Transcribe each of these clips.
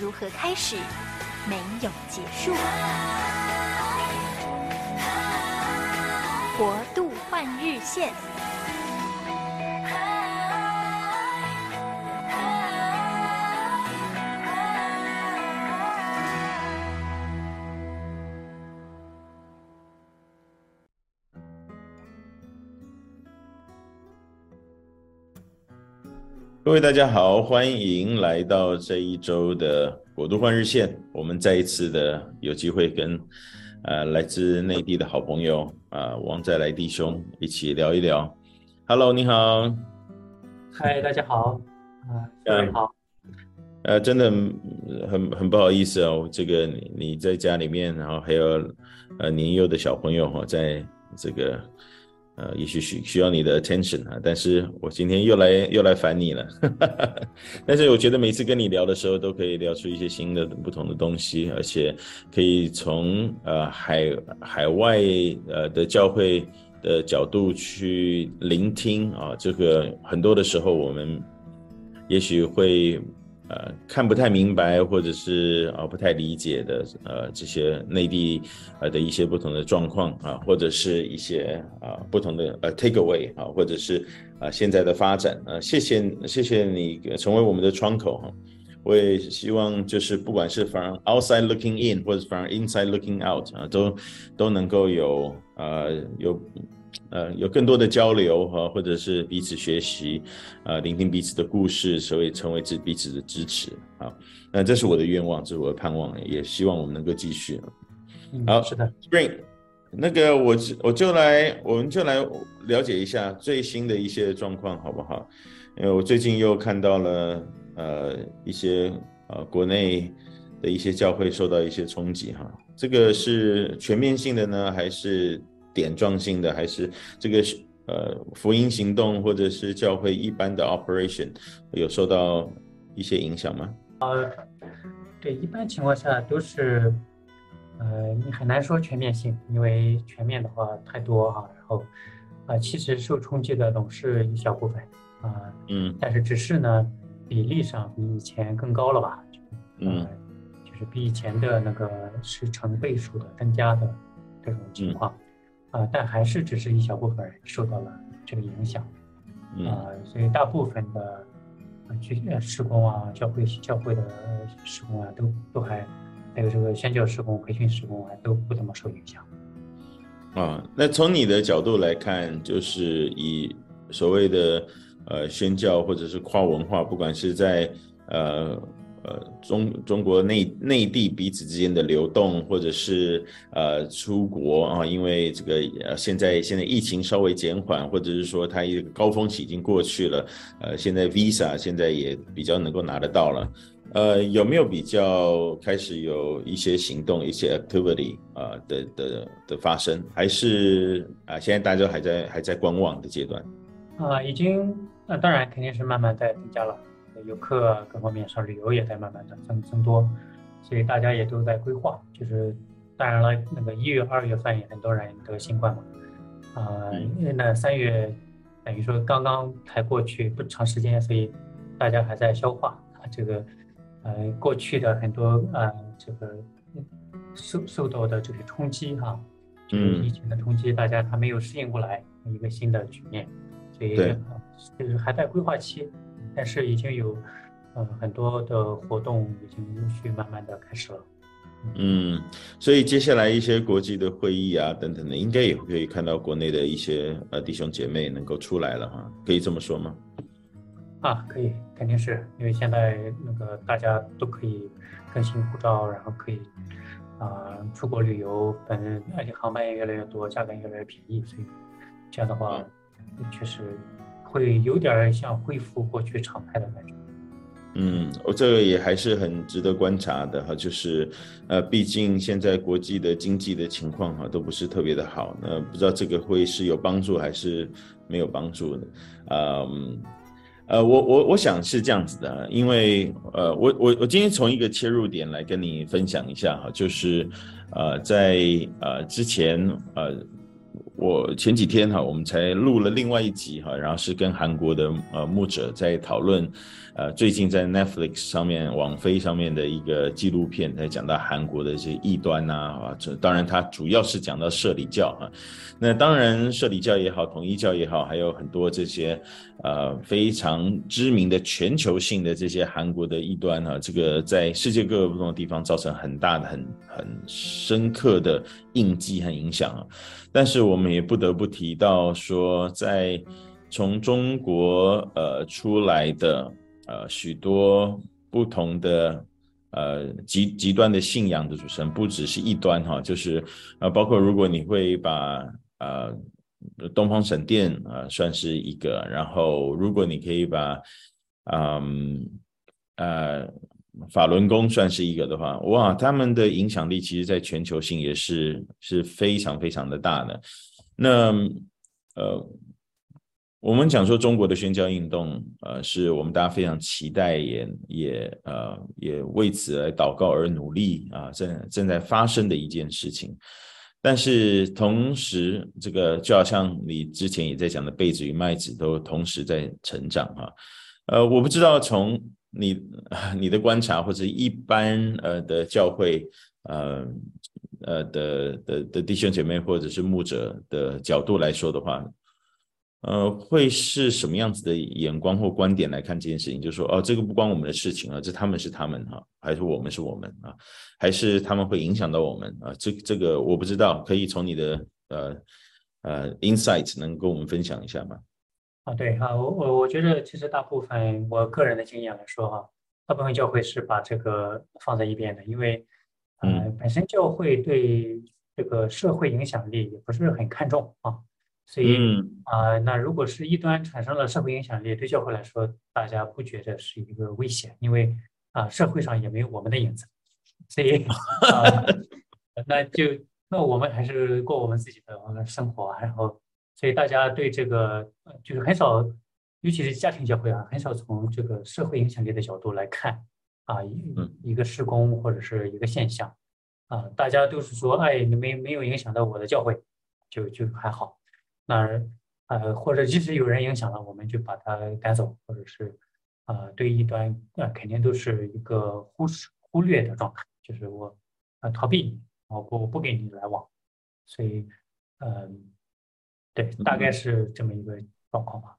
如何開始，沒有結束。國度換日線。各位大家好，歡迎來到這一周的《國度換日線》，我們再一次的有機會跟，呃，來自內地的好朋友啊、呃，王再來弟兄一起聊一聊。Hello，你好。嗨，大家好。啊，你好。呃，真的很很不好意思哦，這個你在家裡面，然後還有呃年幼的小朋友哈、哦，在這個。呃，也許需需要你的 attention 啊，但是我今天又來又來煩你了， 但是我覺得每次跟你聊的時候，都可以聊出一些新的不同的東西，而且可以從呃海海外呃的教會的角度去聆聽啊。呃，這個很多的時候我們也許會。呃，看不太明白，或者是啊、呃，不太理解的，呃，這些內地呃的一些不同的狀況啊，或者是一些啊、呃、不同的呃 take away 啊、呃，或者是啊、呃、現在的發展啊、呃，謝謝謝謝你成為我們的窗口哈、呃，我也希望就是不管是 from outside looking in 或者 from inside looking out 啊、呃，都都能夠有啊、呃、有。呃，有更多的交流哈，或者是彼此學習，呃，聆聽彼此的故事，所以成為彼此的支持啊。那這是我的願望，這是我的盼望，也希望我們能夠繼續。好，嗯，是的，Spring，那個我我就來，我們就來了解一下最新的一些狀況，好不好？因為我最近又看到了呃一些呃國內的一些教會受到一些衝擊哈，這個是全面性的呢，還是？點狀性的還是這個呃福音行動或者是教會一般的 operation 有受到一些影響嗎？呃，對，一般情況下都是呃，你很難說全面性，因為全面的話太多哈。然後啊、呃，其實受衝擊的總是一小部分啊、呃，嗯，但是只是呢，比例上比以前更高了吧？呃、嗯，就是比以前的那個是成倍數的增加的這種情況。嗯啊，但還是只是一小部分受到了這個影響，啊、嗯呃，所以大部分的，去施工啊、教會教會的施工啊，都都還，還有這個宣教施工、培訓施工啊，都不怎麼受影響。啊，那從你的角度來看，就是以所謂的呃宣教或者是跨文化，不管是在呃。呃，中中國內內地彼此之間的流動，或者是呃出國啊，因為這個、呃、現在現在疫情稍微減緩，或者是說它一個高峰期已經過去了，呃，現在 Visa 現在也比較能夠拿得到了，呃，有沒有比較開始有一些行動，一些 activity 啊、呃、的的的發生，還是啊、呃、現在大家都還在還在觀望的階段？啊，已經，那、呃、當然肯定是慢慢在增加了。遊客各方面上旅遊也在慢慢的增增多，所以大家也都在規劃。就是當然了，那個一月、二月份也很多人得新冠嘛，啊、呃，那三月等於說剛剛才過去不長時間，所以大家還在消化啊這個呃過去的很多啊這個受受到的這個衝擊哈，就是疫情的衝擊，大家還沒有適應過來一個新的局面，所以就是還在規劃期。對。嗯。但是已經有，呃，很多的活動已經陸續，續慢慢的開始了嗯。嗯，所以接下來一些國際的會議啊等等的，應該也可以看到國內的一些呃弟兄姐妹能夠出來了啊。可以這麼說嗎？啊，可以，肯定。是因為現在那個大家都可以更新護照，然後可以啊、呃、出國旅遊，反正而且航班也越來越多，價格也越來越便宜，所以這樣的話、嗯、確實。會有點像恢復過去常態的那種。嗯，我這個也還是很值得觀察的哈，就是，呃，畢竟現在國際的經濟的情況哈都不是特別的好，那不知道這個會是有幫助還是沒有幫助的。啊、嗯，呃，我我我想是這樣子的，因為呃，我我我今天從一個切入點來跟你分享一下哈，就是，呃，在呃之前呃。我前幾天哈，我們才錄了另外一集哈，然後是跟韓國的呃牧者在討論。呃，最近在 Netflix 上面，網飛上面的一個紀錄片，它講到韓國的一些異端吶啊，這當然它主要是講到攝理教啊，那當然攝理教也好，統一教也好，還有很多這些呃非常知名的全球性的這些韓國的異端啊，這個在世界各個不同的地方造成很大的、很很深刻的印記和影響啊。但是我們也不得不提到說，在從中國呃出來的。呃，許多不同的呃極極端的信仰的組成，不只是一端哈、哦，就是啊、呃，包括如果你會把呃東方閃電啊、呃、算是一個，然後如果你可以把嗯呃，呃法輪功算是一個的話，哇，他們的影響力其實在全球性也是是非常非常的大的。那呃。我們講說中國的宣教運動，呃，是我們大家非常期待，也也呃也為此來禱告而努力啊、呃，正正在發生的一件事情。但是同時，這個就好像你之前也在講的，稗子與麥子都同時在成長哈、啊。呃，我不知道從你你的觀察或者是一般呃的教會呃呃的的的弟兄姐妹或者是牧者的角度來說的話。呃，會是什麼樣子的眼光或觀點來看這件事情？就是說，哦，這個不關我們的事情啊，這他們是他們哈、啊，還是我們是我們啊，還是他們會影響到我們啊？這這個我不知道，可以從你的呃呃 insight 能跟我們分享一下嗎？啊，對啊，我我我覺得其實大部分我個人的經驗來說哈，大部分教會是把這個放在一邊的，因為嗯、呃，本身教會對這個社會影響力也不是很看重啊。所以啊、嗯呃，那如果是異端產生了社會影響力，對教會來說，大家不覺得是一個危險，因為啊、呃，社會上也沒有我們的影子，所以啊、呃，那就那我們還是過我們自己的生活、啊，然後，所以大家對這個就是很少，尤其是家庭教會啊，很少從這個社會影響力的角度來看啊、呃，一一個事工或者是一個現象啊、呃，大家都是說，哎，你沒沒有影響到我的教會，就就還好。那呃，或者即使有人影響了，我們就把他趕走，或者是啊、呃，對異端啊、呃，肯定都是一個忽視、忽略的狀態，就是我啊逃避你，我不我不跟你來往，所以嗯、呃，對，大概是這麼一個狀況吧。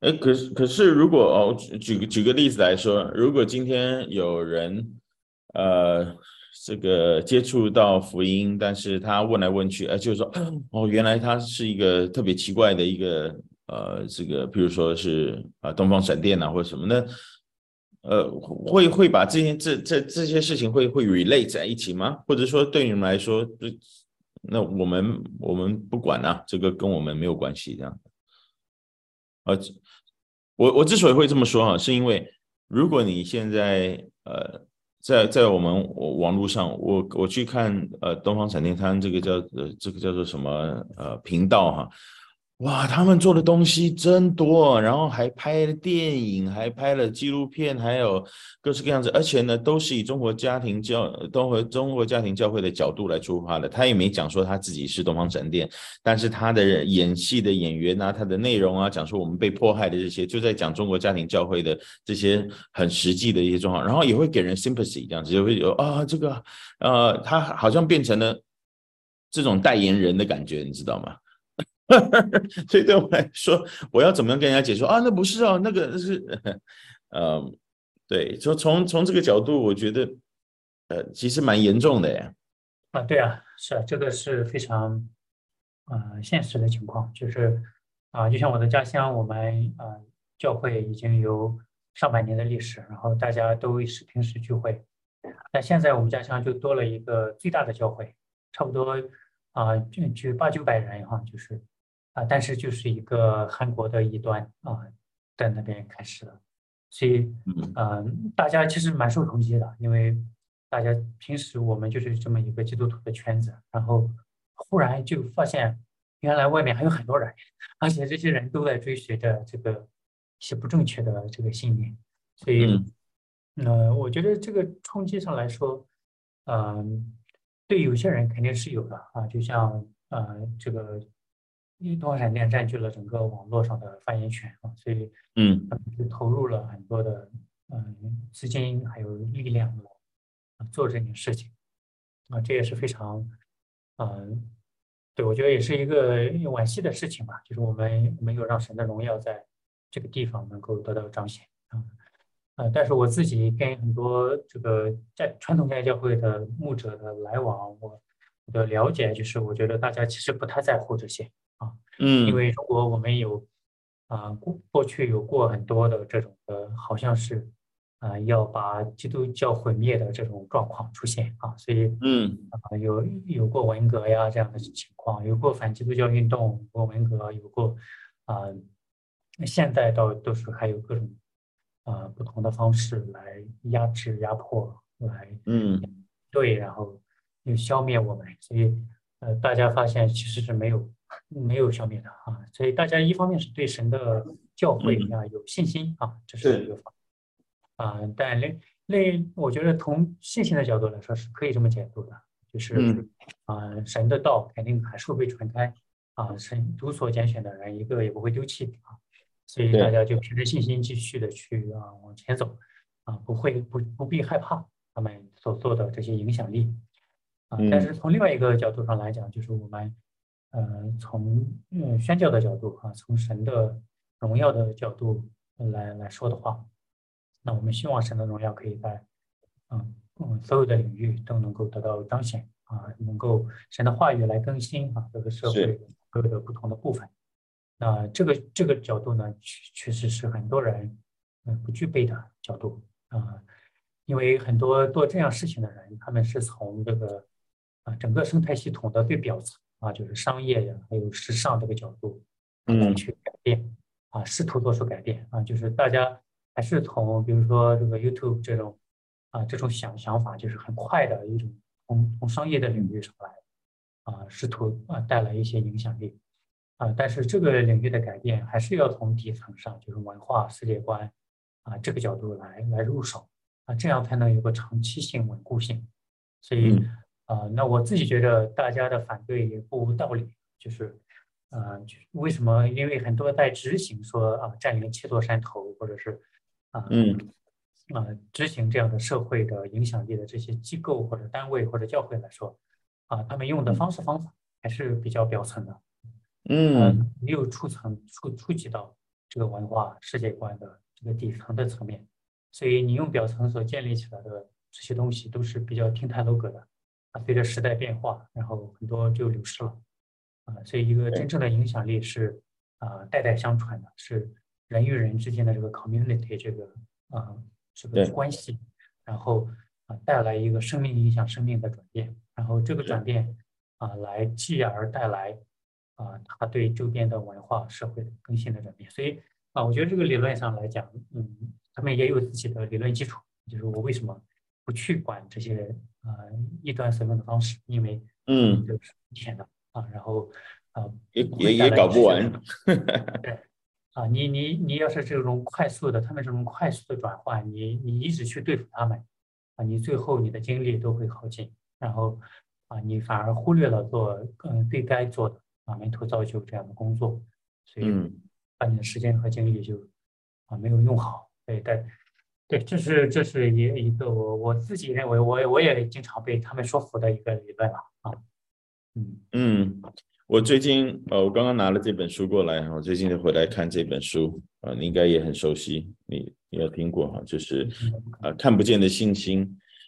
哎、嗯，可是可是如果哦，舉舉個舉個例子來說，如果今天有人呃。這個接觸到福音，但是他問來問去，哎、呃，就是說，哦，原來他是一個特別奇怪的一個，呃，這個，比如說是啊、呃，東方閃電啊或者什麼呢呃，會會把這些這這這些事情會會 relate 在一起嗎？或者說對你們來說，就那我們我們不管吶、啊，這個跟我們沒有關係這樣、呃、我我之所以會這麼說啊，是因為如果你現在呃。在在我們網絡上，我我去看呃，東方閃電灘這個叫呃，這個叫做什麼呃頻道哈、啊。哇，他們做的東西真多，然後還拍了電影，還拍了紀錄片，還有各式各樣子，而且呢，都是以中國家庭教、都和中國家庭教會的角度來出發的。他也沒講說他自己是東方閃電，但是他的演戲的演員啊，他的內容啊，講說我們被迫害的這些，就在講中國家庭教會的這些很實際的一些狀況，然後也會給人 sympathy 這樣子，就會有啊、哦，這個呃，他好像變成了這種代言人的感覺，你知道嗎？所 以對，對我來說，我要怎麼樣跟人家解釋？啊，那不是啊，那個是，嗯，對，就從從從這個角度，我覺得，呃，其實蠻嚴重的呀。啊，對啊，是啊，這個是非常，呃，現實的情況，就是啊，呃，就像我的家鄉，我們啊，呃，教會已經有上百年的歷史，然後大家都是平時聚會，但現在我們家鄉就多了一個最大的教會，差不多啊，就，呃，就八九百人哈，就是。啊，但是就是一個韓國的異端啊，呃，在那邊開始了，所以嗯、呃、大家其實蠻受衝擊的，因為大家平時我們就是這麼一個基督徒的圈子，然後忽然就發現原來外面還有很多人，而且這些人都在追隨着這個一些不正確的這個信念，所以嗯、呃、我覺得這個衝擊上來說，嗯、呃，對有些人肯定是有的啊，就像呃這個。因為東方閃電佔據了整個網絡上的發言權啊，所以嗯，就投入了很多的嗯資金還有力量來做這件事情啊，這也是非常嗯，對，我覺得也是一個惋惜的事情吧，就是我們沒有讓神的榮耀在這個地方能夠得到彰顯啊，但是我自己跟很多這個在傳統家教會的牧者的來往，我的了解就是，我覺得大家其實不太在乎這些。嗯，因為如果我們有啊過過去有過很多的這種的，好像是啊要把基督教毀滅的這種狀況出現啊，所以嗯啊有有過文革呀這樣的情況，有過反基督教運動，有過文革，有過啊那現在倒都是還有各種啊不同的方式來壓制、壓迫來嗯對，然後又消滅我們，所以呃大家發現其實是沒有。沒有消滅的啊，所以大家一方面是對神的教誨啊有信心啊、嗯，這是一個方面啊。但另另，我覺得從信心的角度來說是可以這麼解讀的，就是、嗯、啊，神的道肯定還是會被傳開啊，神獨所揀選的人一個也不會丟棄啊，所以大家就憑着信心繼續的去啊往前走啊，不會不不必害怕他們所做的這些影響力啊、嗯。但是從另外一個角度上來講，就是我們。嗯、呃，從嗯、呃、宣教的角度啊，從神的榮耀的角度來來說的話，那我們希望神的榮耀可以在嗯嗯所有的領域都能夠得到彰顯啊，能夠神的話語來更新啊這個社會各個不同的部分。那這個這個角度呢，其其實是很多人嗯不具備的角度啊，因為很多做這樣事情的人，他們是從這個啊整個生態系統的最表層。啊，就是商業呀，還有時尚這個角度，嗯，去改變，啊、嗯，試圖做出改變啊，就是大家還是從比如說這個 YouTube 這種，啊，這種想想法就是很快的一種從，從從商業的領域上來，啊，試圖啊帶來一些影響力，啊，但是這個領域的改變還是要從底層上，就是文化世界觀，啊，這個角度來來入手，啊，這樣才能有個長期性穩固性，所以。嗯啊、呃，那我自己覺得大家的反對也不無道理，就是，啊、呃，就為什麼？因為很多在執行說啊，佔領七座山頭，或者是啊、呃，嗯，啊、呃，執行這樣的社會的影響力的這些機構或者單位或者教會來說，啊、呃，他們用的方式方法還是比較表層的，嗯，呃，沒有觸層觸觸及到這個文化世界觀的這個底層的層面，所以你用表層所建立起來的這些東西都是比較亭台樓閣的。啊，隨着時代變化，然後很多就流失了，啊、呃，所以一個真正的影響力是啊、呃，代代相傳的，是人與人之間的這個 community 這個啊、呃、這個關係，然後啊、呃、帶來一個生命影響生命的轉變，然後這個轉變啊、呃、來繼而帶來啊他、呃、對周邊的文化社會的更新的轉變，所以啊、呃，我覺得這個理論上來講，嗯，他們也有自己的理論基礎，就是我為什麼不去管這些人。啊，一段損本的方式，因為嗯，就是天的啊，然後啊也也也搞不完，對，啊，你你你要是這種快速的，他們這種快速的轉換，你你一直去對付他們，啊，你最後你的精力都會耗盡，然後啊，你反而忽略了做嗯對該做的啊門徒造就這樣的工作，所以把你的時間和精力就啊沒有用好，對，在。對，這是這是一一個我我自己認為我我也經常被他們說服的一個理論了啊，嗯我最近呃、哦、我剛剛拿了這本書過來，我最近就回來看這本書啊、呃，你應該也很熟悉，你也有聽過哈，就是啊、呃、看不見的信心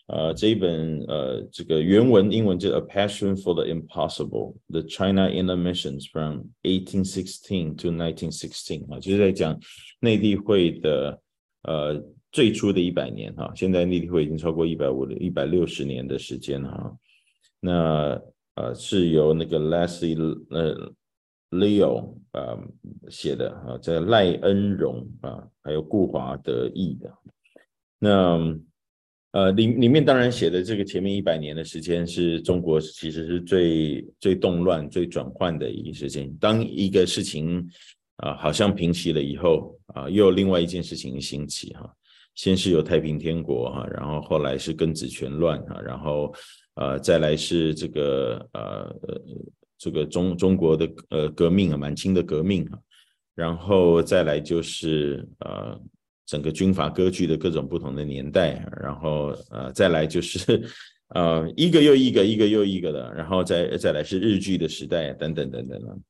啊、呃、這一本呃這個原文英文叫 A Passion for the Impossible: The China Intermissions from 1816 to 1916啊、呃，就是在講內地會的呃。最初的一百年，哈，現在內地會已經超過一百五、一百六十年的時間了，哈。那呃，是由那個 Lesley 呃 Leo 啊寫的，啊，在賴恩榮啊，還有顧華德譯的。那呃，裡裡面當然寫的這個前面一百年的時間，是中國其實是最最動亂、最轉換的一個時間。當一個事情啊、呃，好像平息了以後，啊、呃，又有另外一件事情興起，哈、呃。先是有太平天國哈，然後後來是庚子拳亂哈，然後呃再來是這個呃這個中中國的呃革命啊，滿清的革命啊，然後再來就是呃整個軍閥割據的各種不同的年代，然後呃再來就是呃一個又一個一個又一個的，然後再再來是日據的時代等等等等等。等等等等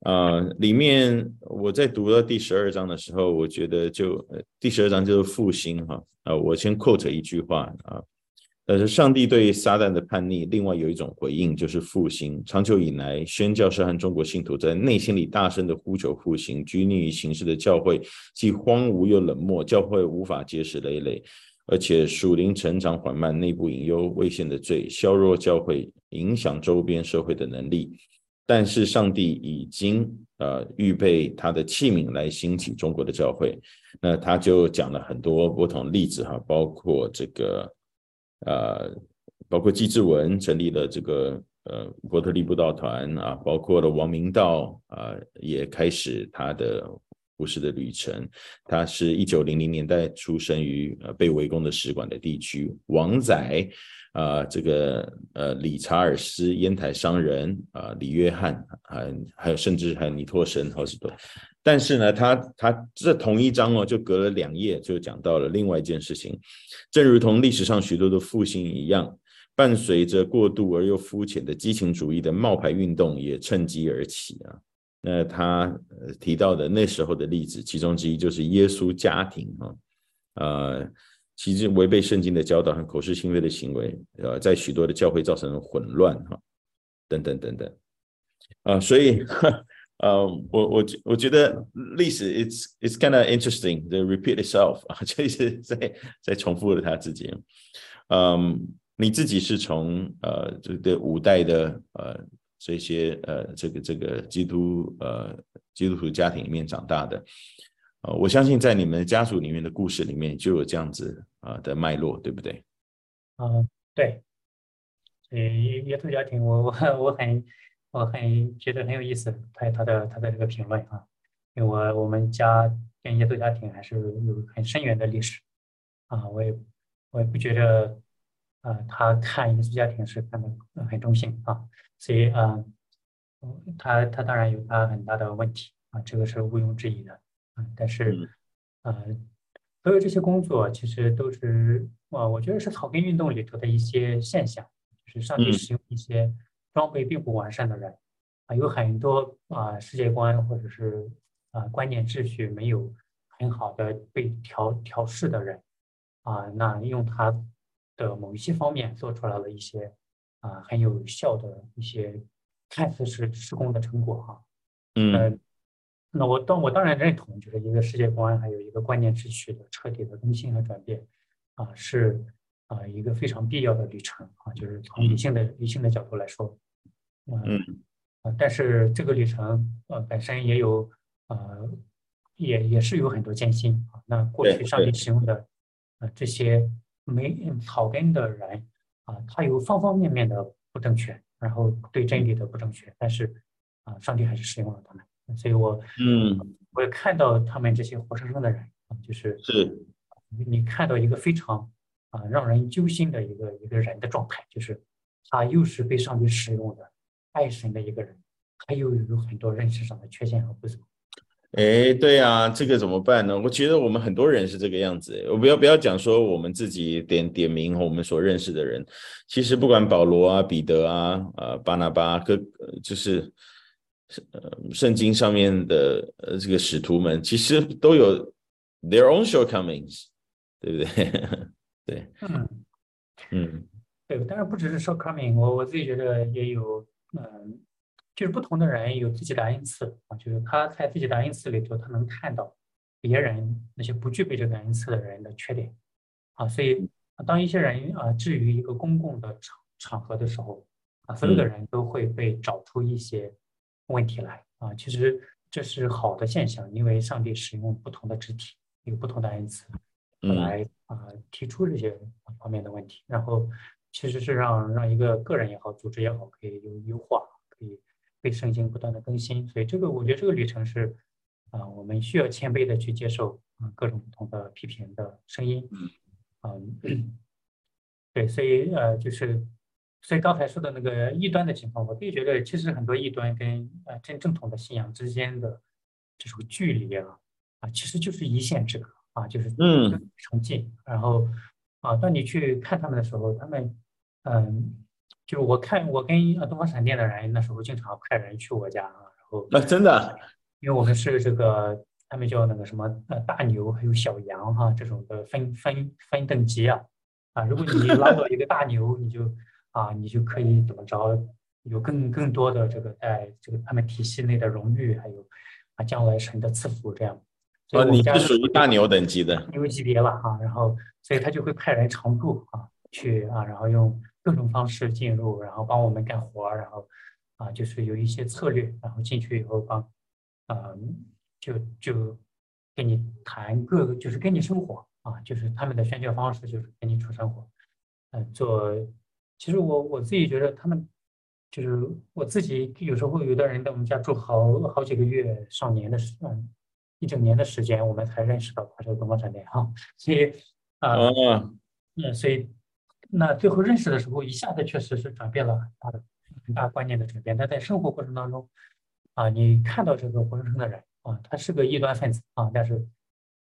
啊、呃，裡面我在讀到第十二章的時候，我覺得就第十二章就是復興哈啊！我先 quote 一句話啊，但是上帝對撒旦的叛逆，另外有一種回應就是復興。長久以來，宣教士和中國信徒在內心裡大聲的呼求復興。拘泥於形式的教會既荒蕪又冷漠，教會無法結實累累，而且屬靈成長緩慢，內部隱憂危險的罪削弱教會影響周邊社會的能力。但是上帝已經呃預備他的器皿來興起中國的教會，那他就講了很多不同的例子哈，包括這個呃，包括計志文成立了這個呃伯特利布道團啊，包括了王明道啊、呃，也開始他的故事的旅程。他是一九零零年代出生於被圍攻的使館的地區，王載。啊、呃，這個呃，理查爾斯煙台商人啊、呃，李約翰啊，還有甚至還有倪柝聲好許多，但是呢，他他這同一章哦，就隔了兩頁就講到了另外一件事情，正如同歷史上許多的復興一樣，伴隨着過度而又膚淺的激情主義的冒牌運動也趁機而起啊。那他提到的那時候的例子，其中之一就是耶穌家庭啊，呃。其實違背聖經的教導和口是心非的行為，呃，在許多的教會造成混亂哈、啊，等等等等，啊，所以，呃、啊，我我我覺得歷史，it's it's kind of interesting，the repeat itself 啊，歷史就是在在重複了他自己。嗯，你自己是從呃這個五代的呃這些呃這個這個基督呃基督徒家庭裡面長大的。呃，我相信在你們家族裡面的故事裡面就有這樣子啊的脈絡，對不對？啊、嗯，對。呃，耶耶穌家庭我我我很我很覺得很有意思，他他的他的這個評論啊，因為我我們家跟耶穌家庭還是有很深遠的歷史啊，我也我也不覺得啊，他看耶穌家庭是看得很中性啊，所以啊，他他當然有他很大的問題啊，這個是毋庸置疑的。但是，嗯、呃，所有這些工作其實都是啊、呃，我覺得是草根運動裡頭的一些現象，就是上帝使用一些裝備並不完善的人，啊、嗯呃，有很多啊、呃、世界觀或者是啊、呃、觀念秩序沒有很好的被調調試的人，啊、呃，那用他的某一些方面做出來了一些啊、呃、很有效的一些看似是成功的成果哈、啊，嗯。呃那我當我當然認同，就是一個世界觀，還有一個觀念秩序的徹底的更新和轉變啊，是啊一個非常必要的旅程啊，就是從理性的理性的角度來說，嗯，但是這個旅程呃本身也有呃也也是有很多艱辛。那過去上帝使用的呃這些沒草根的人啊，他有方方面面的不正確，然後對真理的不正確，但是啊上帝還是使用了他們。所以我，嗯，我也看到他們這些活生生的人就是是，你看到一個非常啊、呃、讓人揪心的一個一個人的狀態，就是他又是被上帝使用的愛神的一個人，他又有很多認識上的缺陷和不足。哎，對啊，這個怎麼辦呢？我覺得我們很多人是這個樣子。我不要不要講說我們自己點點名，我們所認識的人，其實不管保羅啊、彼得啊、呃、巴拿巴各，就是。呃，聖經上面的呃這個使徒們其實都有 their own shortcomings，對不對？ 對，嗯，嗯，對。但是不只是說 coming，我我自己覺得也有，嗯，就是不同的人有自己的恩賜啊，就是他在自己的恩賜裡頭，他能看到別人那些不具備這個恩賜的人的缺點啊。所以當一些人啊置於一個公共的場場合的時候啊，所有的人都會被找出一些。問題來啊，其實這是好的現象，因為上帝使用不同的肢體，有不同的恩賜來啊、呃、提出這些方面的問題，然後其實是讓讓一個個人也好，組織也好，可以有優化，可以被聖經不斷的更新。所以這個我覺得這個旅程是啊、呃，我們需要謙卑的去接受啊、呃、各種不同的批評的聲音啊、呃，對，所以呃就是。所以剛才說的那個異端的情況，我自己覺得，其實很多異端跟呃真正統的信仰之間的這種距離啊，啊，其實就是一線之隔啊，就是成績嗯，很近。然後啊，當你去看他們的時候，他們嗯，就我看我跟東方閃電的人那時候經常派人去我家啊，然後那、啊、真的，因為我們是這個他們叫那個什麼呃大牛還有小羊哈、啊，這種的分分分、分等級啊啊，如果你拉到一個大牛，你 就啊，你就可以怎麼着？有更更多的這個在這個他們體系內的榮譽，還有啊，將來神的賜福這樣。所以家你是屬於大牛等級的牛級別了啊，然後所以他就會派人常駐啊，去啊，然後用各種方式進入，然後幫我們幹活，然後啊，就是有一些策略，然後進去以後幫，呃、就就跟你談各個，就是跟你生活啊，就是他們的宣教方式就是跟你處生活，嗯、呃，做。其實我我自己覺得他們，就是我自己有時候有的人在我們家住好好幾個月，上年的時，嗯，一整年的時間，我們才認識到他這個東方閃電哈，所以啊，oh. 嗯，所以那最後認識的時候，一下子確實是轉變了很大的、很大觀念的轉變。但在生活過程當中啊，你看到這個活生生的人啊，他是個異端分子啊，但是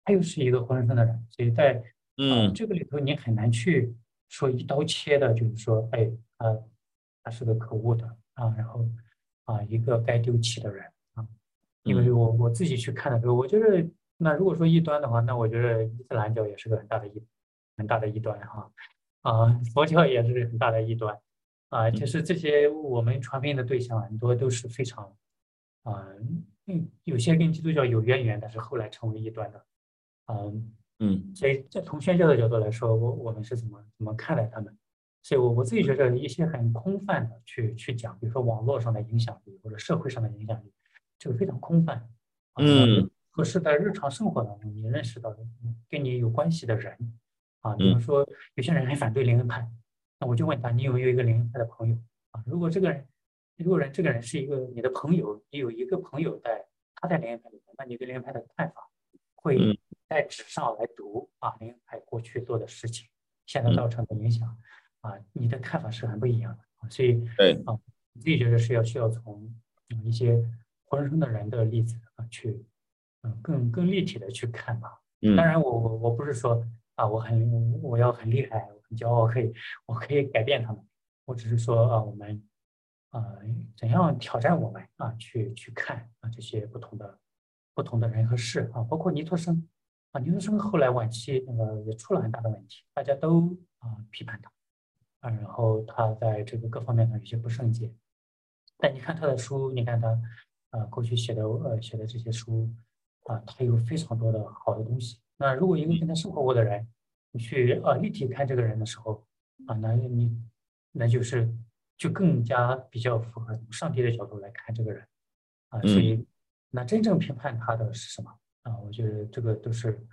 他又是一個活生生的人，所以在嗯、啊 oh. 這個裡頭，你很難去。說一刀切的，就是說，哎，呃，他是個可惡的啊，然後啊，一個該丟棄的人啊，因為我我自己去看的時候，我覺得，那如果說異端的話，那我覺得伊斯蘭教也是個很大的異，很大的異端哈，啊，佛教也是很大的異端，啊，就是這些我們傳遍的對象很多都是非常，啊，嗯，有些跟基督教有淵源，但是後來成為異端的，啊。嗯，所以這從宣教的角度來說，我我們是怎麼怎麼看待他們？所以，我我自己覺得一些很空泛的去去講，比如說網絡上的影響力或者社會上的影響力，這個非常空泛，啊。嗯，可是，在日常生活當中你認識到的跟你有關係的人，啊，比如說有些人很反對靈恩派，那我就問他，你有沒有一個靈恩派的朋友？啊，如果這個人，如果人這個人是一個你的朋友，你有一個朋友在他在靈恩派裡面，那你對靈恩派的看法會、嗯？在紙上來讀啊，林海過去做的事情，現在造成的影響、嗯、啊，你的看法是很不一樣的，所以對、嗯、啊，你自己覺得是要需要從一些活生生的人的例子啊去，嗯，更更立體的去看吧。嗯，當然我，我我我不是說啊，我很我要很厲害，我很驕傲，我可以我可以改變他們，我只是說啊，我們啊、呃、怎樣挑戰我們啊去去看啊這些不同的不同的人和事啊，包括尼托生。啊，牛頓生後來晚期，呃，也出了很大的問題，大家都啊、呃、批判他，啊，然後他在這個各方面呢有些不聖潔。但你看他的書，你看他啊、呃、過去寫的呃寫的這些書，啊，他有非常多的好的東西。那如果一個跟他生活過的人，你去啊、呃、立體看這個人的時候，啊，那你那就是就更加比較符合上帝的角度來看這個人，啊，所以那真正批判他的是什麼？啊，我覺得這個都是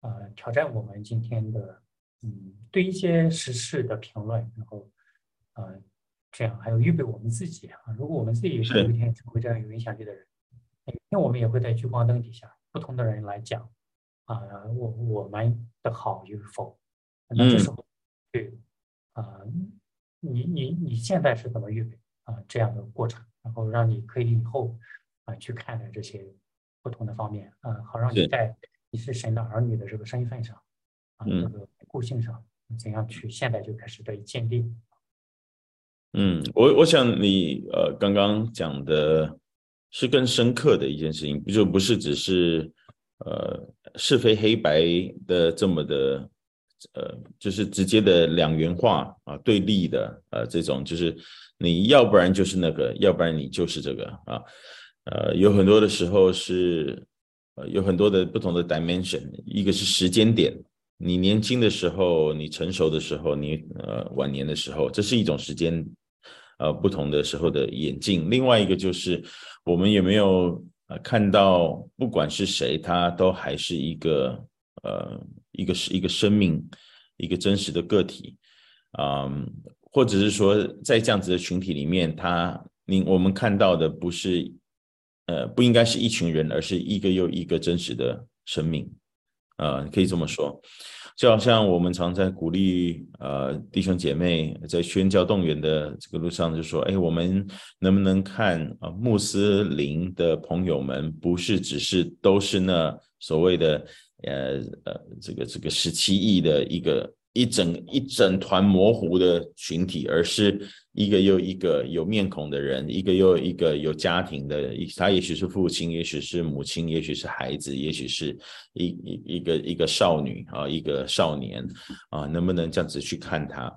呃挑戰我們今天的嗯，對一些時事的評論，然後呃這樣，還有預備我們自己啊，如果我們自己也是有一天成為這樣有影響力的人，每天我們也會在聚光燈底下，不同的人來講啊，我我們的好與否，那這時候對啊，你你你現在是怎麼預備啊這樣的過程，然後讓你可以以後啊去看待這些。不同的方面，嗯，好，讓你在你是神的兒女的這個身份上，啊、嗯，這個固性上，怎樣去現在就開始得以建立？嗯，我我想你呃，剛剛講的是更深刻的一件事情，就不是只是呃是非黑白的這麼的呃，就是直接的兩元化啊、呃，對立的呃這種，就是你要不然就是那個，要不然你就是這個啊。呃，有很多的時候是，呃，有很多的不同的 dimension。一個是時間點，你年輕的時候，你成熟的時候，你呃晚年的時候，這是一種時間，呃，不同的時候的演進，另外一個就是，我們有沒有呃看到，不管是誰，他都還是一個呃一個是一個生命，一個真實的個體啊、呃，或者是說，在這樣子的群體裡面，他你我們看到的不是。呃，不應該是一群人，而是一個又一個真實的生命，啊、呃，可以這麼說，就好像我們常在鼓勵呃弟兄姐妹在宣教動員的這個路上，就說，哎，我們能不能看啊、呃，穆斯林的朋友們，不是只是都是那所謂的呃呃這個這個十七億的一個。一整一整團模糊的群體，而是一個又一個有面孔的人，一個又一個有家庭的人，他也許是父親，也許是母親，也許是孩子，也許是一一一一個一個少女啊，一個少年啊，能不能這樣子去看他？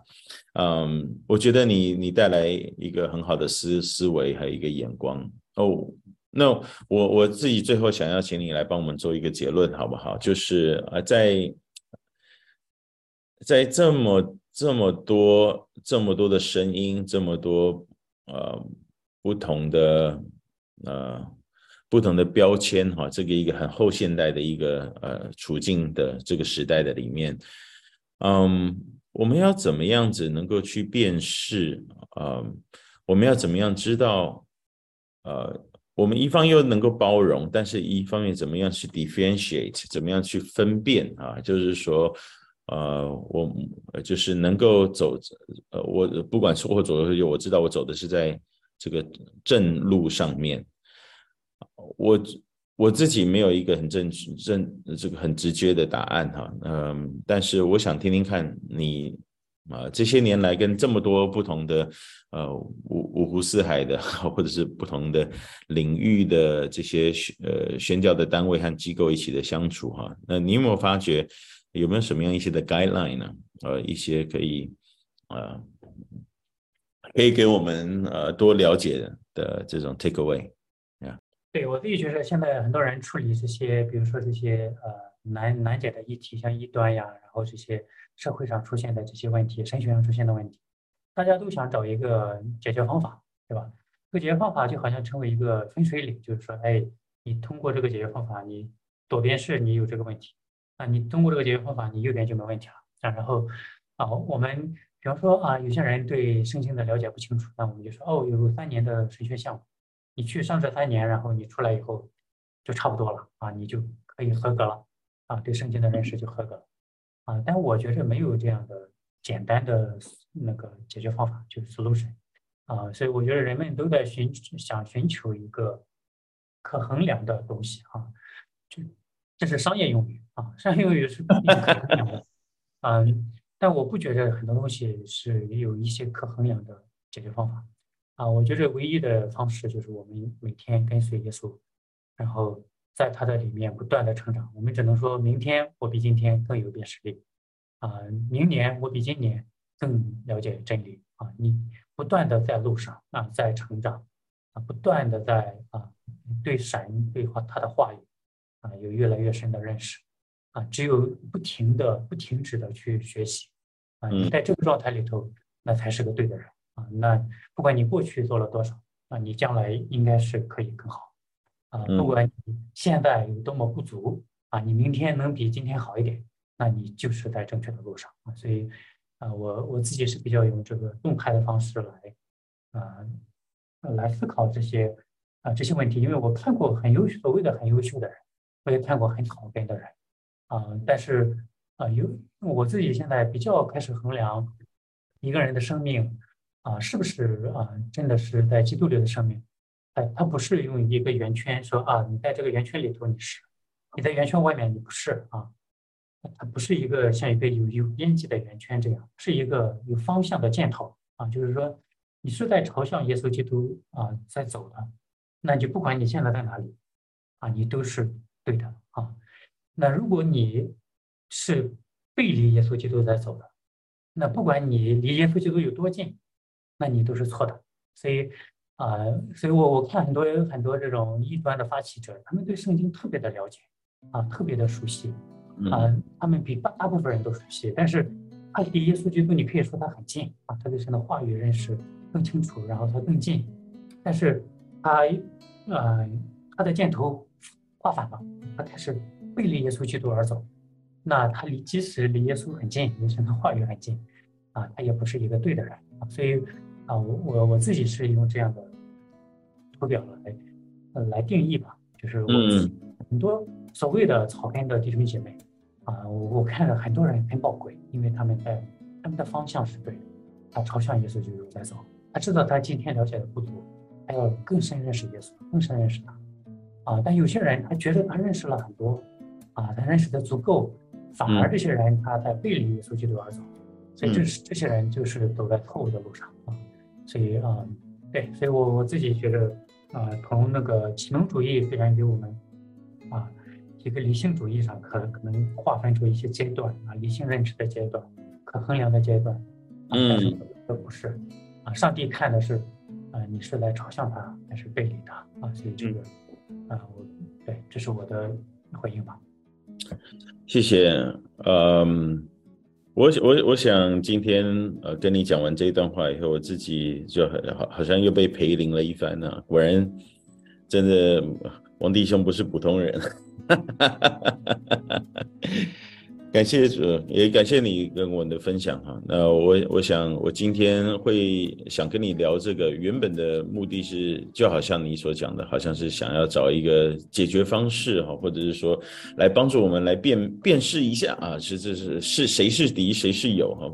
嗯，um，我覺得你你帶來一個很好的思思維和一個眼光哦。那我我自己最後想要請你來幫我們做一個結論，好不好？就是呃在。在這麼這麼多這麼多的聲音，這麼多呃不同的呃不同的標籤哈、啊，這個一個很後現代的一個呃處境的這個時代的裡面，嗯，我們要怎麼樣子能夠去辨識啊、呃？我們要怎麼樣知道？呃，我們一方又能夠包容，但是一方面怎麼樣去 differentiate？怎麼樣去分辨啊？就是說。呃，我就是能夠走，呃，我不管是我走的時候，我知道我走的是在這個正路上面。我我自己沒有一個很正正這個很直接的答案哈、啊，嗯、呃，但是我想聽聽看你啊、呃，這些年來跟這麼多不同的呃五五湖四海的，或者是不同的領域的這些呃宣教的單位和機構一起的相處哈、啊，那你有沒有發覺？有沒有什麼樣一些的 guideline 呢？呃，一些可以，呃，可以給我們呃多了解的這種 takeaway？呀，yeah. 對，我自己覺得，現在很多人處理這些，比如說這些呃難難解的議題，像異端呀，然後這些社會上出現的這些問題，神學上出現的問題，大家都想找一個解決方法，對吧？這個解決方法就好像成為一個分水嶺，就是說，哎，你通過這個解決方法，你左邊是你有這個問題。啊，你通過這個解決方法，你右邊就沒問題了啊。然後，啊，我們比方說啊，有些人對聖經的了解不清楚，那我們就說哦，有三年的神學項目，你去上這三年，然後你出來以後就差不多了啊，你就可以合格了啊，對聖經的認識就合格了啊。但我覺得沒有這樣的簡單的那個解決方法，就是 solution 啊，所以我覺得人們都在尋想尋求一個可衡量的東西啊，就。這是商業用語啊，商業用語是可衡量的。嗯，但我不覺得很多東西是也有一些可衡量的解決方法啊。我覺得唯一的方式就是我們每天跟隨耶穌，然後在他的裡面不斷的成長。我們只能說，明天我比今天更有辨識力啊，明年我比今年更了解真理啊。你不斷的在路上啊，在成長啊，不斷的在啊，對神對話他的話語。啊，有越來越深的認識啊，只有不停的、不停止的去學習，啊，你在這個狀態裡頭，那才是個對的人啊。那不管你過去做了多少，啊，你將來應該是可以更好，啊，不管你現在有多麼不足，啊，你明天能比今天好一點，那你就是在正確的路上啊。所以，啊，我我自己是比較用這個動態的方式來，啊，來思考這些，啊，這些問題，因為我看過很優秀，所謂的很優秀的人。我也看過很討厭的人，啊，但是啊，有我自己現在比較開始衡量一個人的生命啊，是不是啊，真的是在基督裡的生命。哎，他不是用一個圓圈說啊，你在這個圓圈裡頭你是，你在圓圈外面你不是啊，它不是一個像一個有有邊際的圓圈，圈這樣，是一個有方向的箭頭啊，就是說你是在朝向耶穌基督啊在走的，那就不管你現在在哪裡啊，你都是。對的啊，那如果你是背離耶穌基督在走的，那不管你離耶穌基督有多近，那你都是錯的。所以啊、呃，所以我我看很多很多這種異端的發起者，他們對聖經特別的了解啊、呃，特別的熟悉啊、呃，他們比大大部分人都熟悉。但是他離耶穌基督，你可以說他很近啊，他對神的話語認識更清楚，然後他更近。但是他呃，他的箭頭畫反了。他開始背離耶穌基督而走，那他離即使離耶穌很近，離神的話語很近，啊，他也不是一個對的人。所以，啊，我我我自己是用這樣的圖表來，呃，來定義吧，就是我很多所謂的草根的弟兄姐妹，啊，我，我看着很多人很寶貴，因為他們在他們的方向是對的，他朝向耶穌基督在走，他知道他今天了解的不足，他要更深認識耶穌，更深認識他。啊，但有些人他覺得他認識了很多，啊，他認識的足夠，反而這些人他在背離耶穌基督而走，嗯，所以這，就是這些人就是走在錯誤的路上啊，所以啊，嗯，對，所以我我自己覺得啊，從那個啟蒙主義，甚至給我們啊，一個理性主義上，可可能劃分出一些階段啊，理性認知的階段，可衡量的階段，啊，嗯，但是都不是啊，上帝看的是啊，你是來朝向他還是背離他啊，所以這，就，個，是。嗯啊，我對，這是我的回應吧。謝謝。嗯，我我我想今天呃跟你講完這段話以後，我自己就好好像又被培靈了一番呢、啊。果然，真的，王弟兄不是普通人。 感謝主，也感謝你跟我的分享哈。那我我想我今天會想跟你聊這個，原本的目的是就好像你所講的，好像是想要找一個解決方式哈，或者是說來幫助我們來辨辨識一下啊，是這是是誰是敵誰是友哈。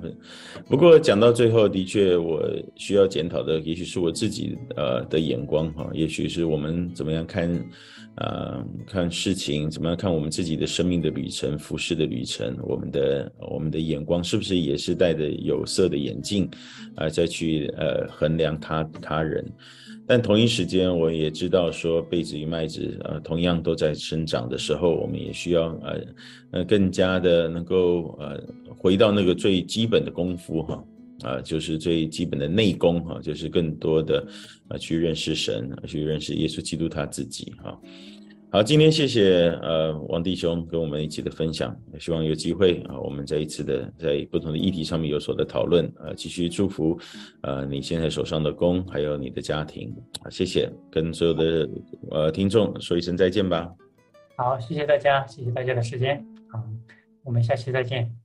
不過講到最後，的確我需要檢討的，也許是我自己呃的眼光哈，也許是我們怎麼樣看啊看事情，怎麼樣看我們自己的生命的旅程、服事的旅程。我們的我們的眼光是不是也是戴着有色的眼鏡啊、呃？再去呃衡量他他人，但同一時間我也知道說，稗子與麥子呃同樣都在生長的時候，我們也需要呃呃更加的能夠呃回到那個最基本的功夫哈啊，就是最基本的內功哈、啊，就是更多的啊去認識神，去認識耶穌基督他自己哈。啊好，今天謝謝呃王弟兄跟我們一起的分享，也希望有機會啊、呃，我們再一次的在不同的議題上面有所的討論，呃，繼續祝福，呃，你現在手上的工還有你的家庭，啊，謝謝，跟所有的呃聽眾說一聲再見吧。好，謝謝大家，謝謝大家的時間，好，我們下期再見。